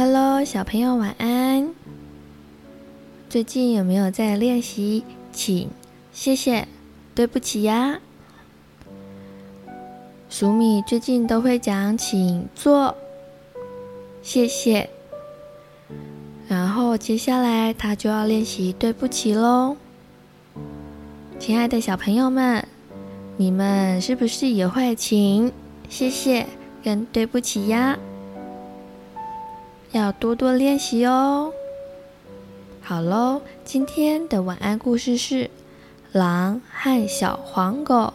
Hello，小朋友晚安。最近有沒有在練習請、謝謝、對不起呀？黍米最近都會講請坐，謝謝。然後接下來他就要練習對不起嘍。親愛的小朋友們，你們是不是也會請謝謝跟對不起呀？要多多練習哦。好嘍，今天的晚安故事是《狼和小黃狗》。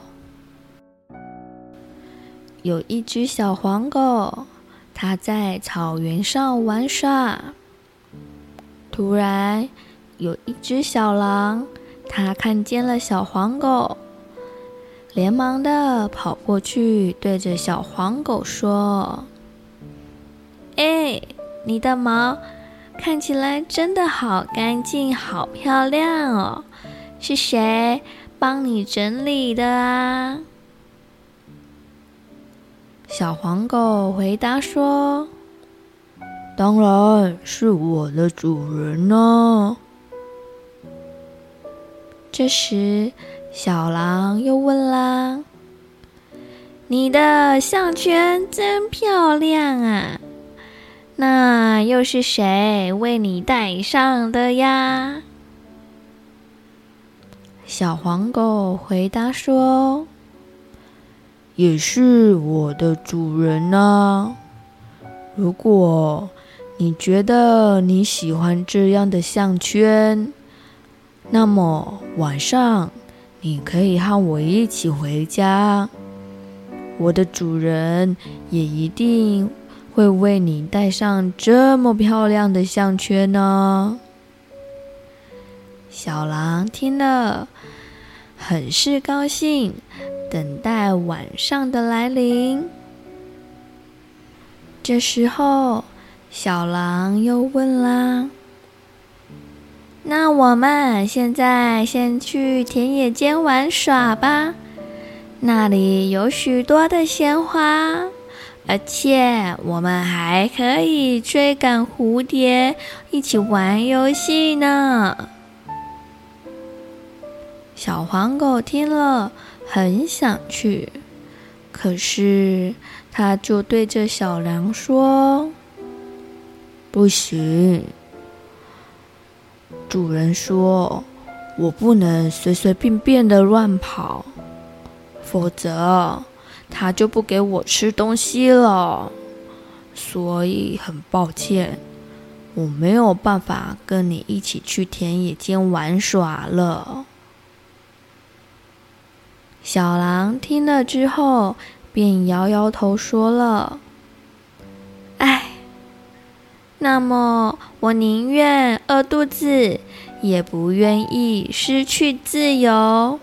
有一隻小黃狗，它在草原上玩耍。突然，有一隻小狼，它看見了小黃狗，連忙的跑過去，對着小黃狗說：“哎。”你的毛看起來真的好乾淨、好漂亮哦！是誰幫你整理的啊？小黃狗回答說：“當然是我的主人呢。”這時，小狼又問啦：“你的項圈真漂亮啊！”那又是誰為你戴上的呀？小黃狗回答說：“也是我的主人呢、啊。如果你覺得你喜歡這樣的項圈，那麼晚上你可以和我一起回家。我的主人也一定。”會為你戴上這麼漂亮的項圈呢。小狼聽了，很是高興，等待晚上的來臨。這時候，小狼又問啦：“那我們現在先去田野間玩耍吧，那裡有許多的鮮花。”而且我們還可以追趕蝴蝶，一起玩遊戲呢。小黃狗聽了很想去，可是它就對着小狼說：“不行。”主人說：“我不能隨隨便便的亂跑，否則……”他就不給我吃東西了，所以很抱歉，我沒有辦法跟你一起去田野間玩耍了。小狼聽了之後，便搖搖頭，說了：“唉，那麼我寧願餓肚子，也不願意失去自由。”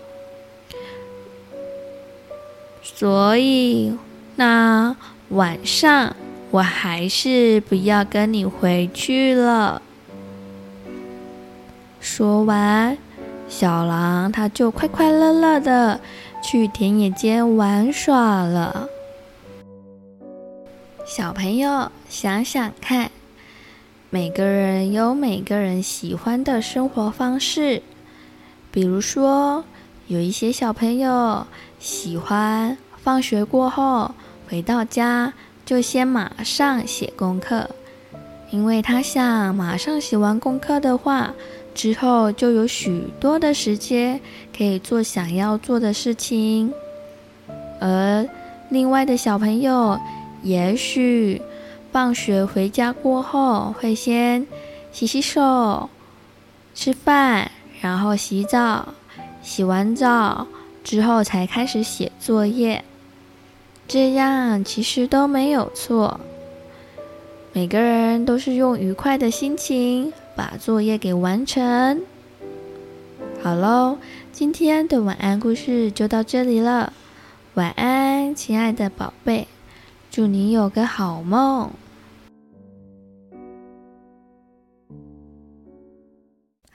所以，那晚上我還是不要跟你回去了。說完，小狼他就快快樂樂的去田野間玩耍了。小朋友，想想看，每個人有每個人喜歡的生活方式，比如說。有一些小朋友喜歡放學過後回到家就先馬上寫功課，因為他想馬上寫完功課的話，之後就有許多的時間可以做想要做的事情。而另外的小朋友，也許放學回家過後會先洗洗手、吃飯，然後洗澡。洗完澡之後才開始寫作業，這樣其實都沒有錯。每個人都是用愉快的心情把作業給完成。好嘍，今天的晚安故事就到這裡了。晚安，親愛的寶貝，祝你有個好夢。